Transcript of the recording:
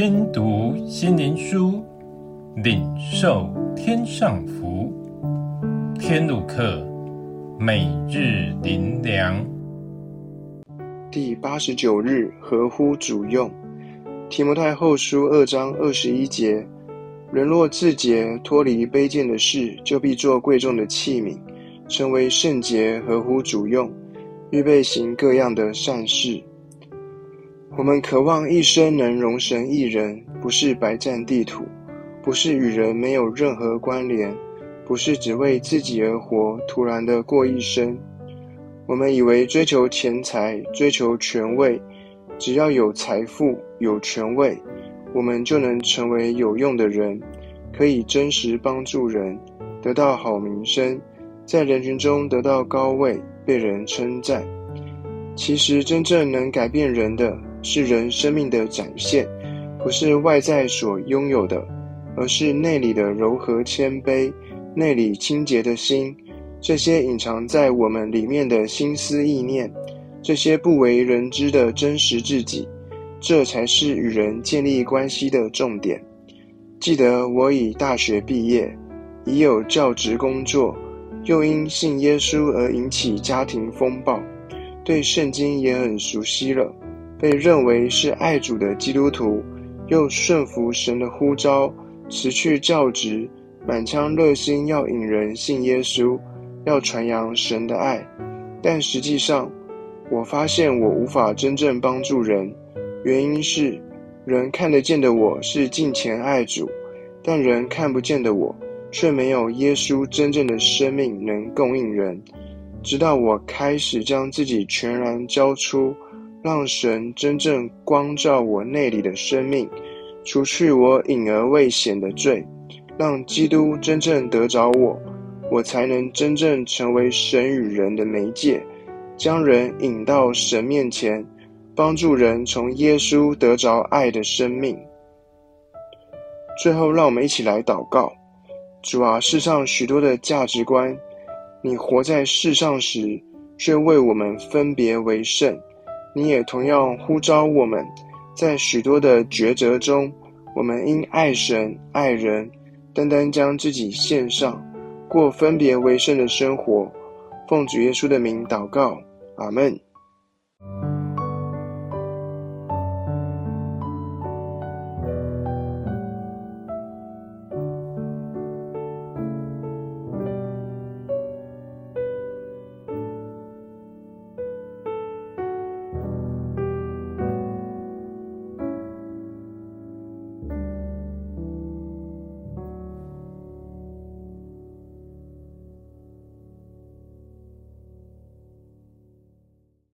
聽讀心靈書，領受天上福。天路客，每日靈糧。第八十九日，合乎主用。提摩太後書二章二十一節：人若自潔，脫離卑賤的事，就必做貴重的器皿，成為聖潔，合乎主用，預備行各樣的善事。我們渴望一生能榮神益人，不是白佔地土，不是與人沒有任何關聯，不是只為自己而活，徒然的過一生。我們以為追求錢財，追求權位，只要有財富、有權位，我們就能成為有用的人，可以真實幫助人，得到好名聲，在人群中得到高位，被人稱讚。其實真正能改變人的，是人生命的展現，不是外在所擁有的，而是內裡的柔和謙卑，內裡清潔的心，這些隱藏在我們裡面的心思意念，這些不為人知的真實自己，這才是與人建立關係的重點。記得我已大學畢業，已有教職工作，又因信耶穌而引起家庭風暴，對聖經也很熟悉了。被認為是愛主的基督徒，又順服神的呼召，辭去教職，滿腔熱心要引人信耶穌，要傳揚神的愛。但實際上，我發現我無法真正幫助人，原因是人看得見的我是敬虔愛主，但人看不見的我卻沒有耶穌真正的生命能供應人。直到我開始將自己全然交出，讓神真正光照我內裡的生命，除去我隱而未顯的罪，讓基督真正得着我，我才能真正成為神與人的媒介，將人引到神面前，幫助人從耶穌得着愛的生命。最後，讓我們一起來禱告：主啊，世上許多的價值觀，你活在世上時，卻為我們分別為聖。你也同樣呼召我們，在許多的抉擇中，我們因愛神愛人，單單將自己獻上，過分別為聖的生活。奉主耶穌的名禱告，阿們。